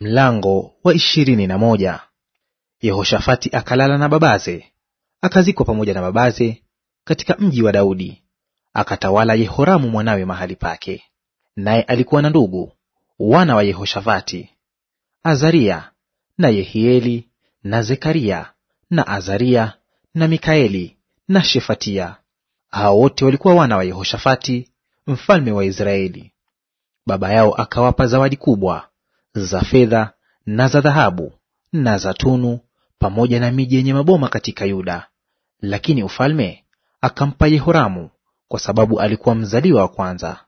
Mlango wa ishirini na moja. Yehoshafati akalala na babaze, akazikwa pamoja na babaze katika mji wa Daudi. Akatawala Yehoramu mwanawe mahali pake. Naye alikuwa na ndugu wana wa Yehoshafati, Azaria na Yehieli na Zekaria na Azaria na Mikaeli na Shefatia. Hao wote walikuwa wana wa Yehoshafati mfalme wa Israeli. Baba yao akawapa zawadi kubwa za fedha na za dhahabu na za tunu, pamoja na miji yenye maboma katika Yuda. Lakini ufalme akampa Yehoramu, kwa sababu alikuwa mzaliwa wa kwanza.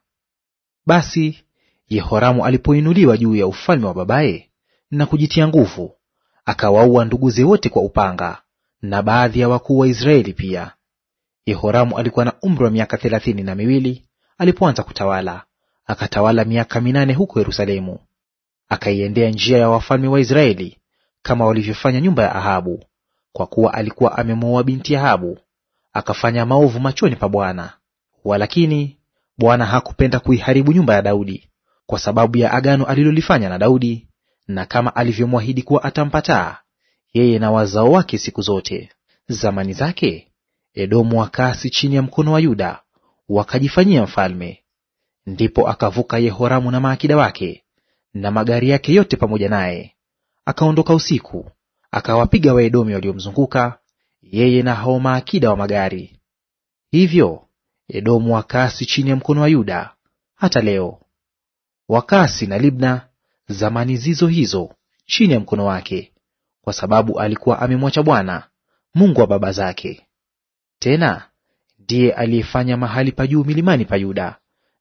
Basi Yehoramu alipoinuliwa juu ya ufalme wa babaye na kujitia nguvu, akawaua nduguze wote kwa upanga na baadhi ya wakuu wa Israeli pia. Yehoramu alikuwa na umri wa miaka thelathini na miwili alipoanza kutawala, akatawala miaka minane huko Yerusalemu akaiendea njia ya wafalme wa Israeli kama walivyofanya nyumba ya Ahabu, kwa kuwa alikuwa amemwoa binti Ahabu, akafanya maovu machoni pa Bwana. Walakini Bwana hakupenda kuiharibu nyumba ya Daudi kwa sababu ya agano alilolifanya na Daudi, na kama alivyomwahidi kuwa atampataa yeye na wazao wake siku zote. Zamani zake Edomu wakaasi chini ya mkono wa Yuda, wakajifanyia mfalme. Ndipo akavuka Yehoramu na maakida wake na magari yake yote pamoja naye. Akaondoka usiku, akawapiga Waedomi waliomzunguka yeye na hao maakida wa magari. Hivyo Edomu wakaasi chini ya mkono wa Yuda hata leo, wakaasi na Libna zamani zizo hizo chini ya mkono wake, kwa sababu alikuwa amemwacha Bwana Mungu wa baba zake. Tena ndiye aliyefanya mahali pa juu milimani pa Yuda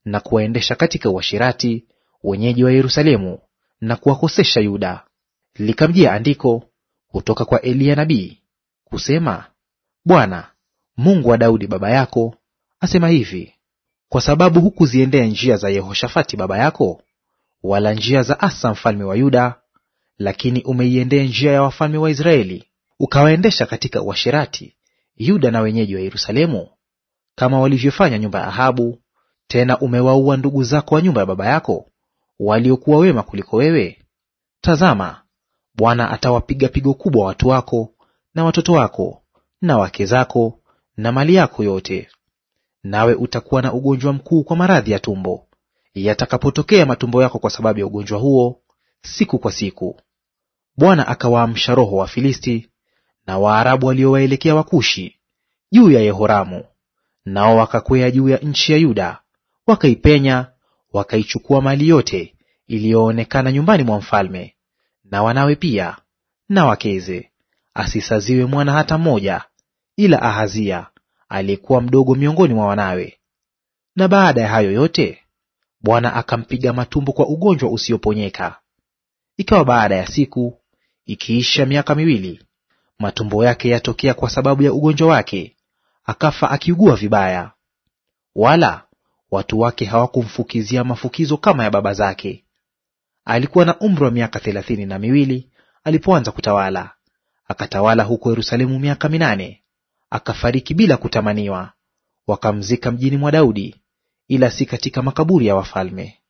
na kuwaendesha katika uashirati wenyeji wa Yerusalemu na kuwakosesha Yuda. Likamjia andiko kutoka kwa Eliya nabii kusema, Bwana Mungu wa Daudi baba yako asema hivi, kwa sababu hukuziendea njia za Yehoshafati baba yako, wala njia za Asa mfalme wa Yuda, lakini umeiendea njia ya wafalme wa Israeli, ukawaendesha katika uasherati Yuda na wenyeji wa Yerusalemu, kama walivyofanya nyumba ya Ahabu; tena umewaua ndugu zako wa nyumba ya baba yako waliokuwa wema kuliko wewe? Tazama, Bwana atawapiga pigo kubwa watu wako na watoto wako na wake zako na mali yako yote, nawe utakuwa na ugonjwa mkuu kwa maradhi ya tumbo yatakapotokea matumbo yako kwa sababu ya ugonjwa huo siku kwa siku. Bwana akawaamsha roho wa Filisti na Waarabu waliowaelekea Wakushi juu ya Yehoramu, nao wakakwea juu ya nchi ya Yuda, wakaipenya wakaichukua mali yote iliyoonekana nyumbani mwa mfalme, na wanawe pia na wakeze; asisaziwe mwana hata mmoja, ila Ahazia aliyekuwa mdogo miongoni mwa wanawe. Na baada ya hayo yote, Bwana akampiga matumbo kwa ugonjwa usioponyeka. Ikawa baada ya siku ikiisha miaka miwili, matumbo yake yatokea kwa sababu ya ugonjwa wake, akafa akiugua vibaya, wala watu wake hawakumfukizia mafukizo kama ya baba zake. Alikuwa na umri wa miaka thelathini na miwili alipoanza kutawala, akatawala huko Yerusalemu miaka minane, akafariki bila kutamaniwa. Wakamzika mjini mwa Daudi, ila si katika makaburi ya wafalme.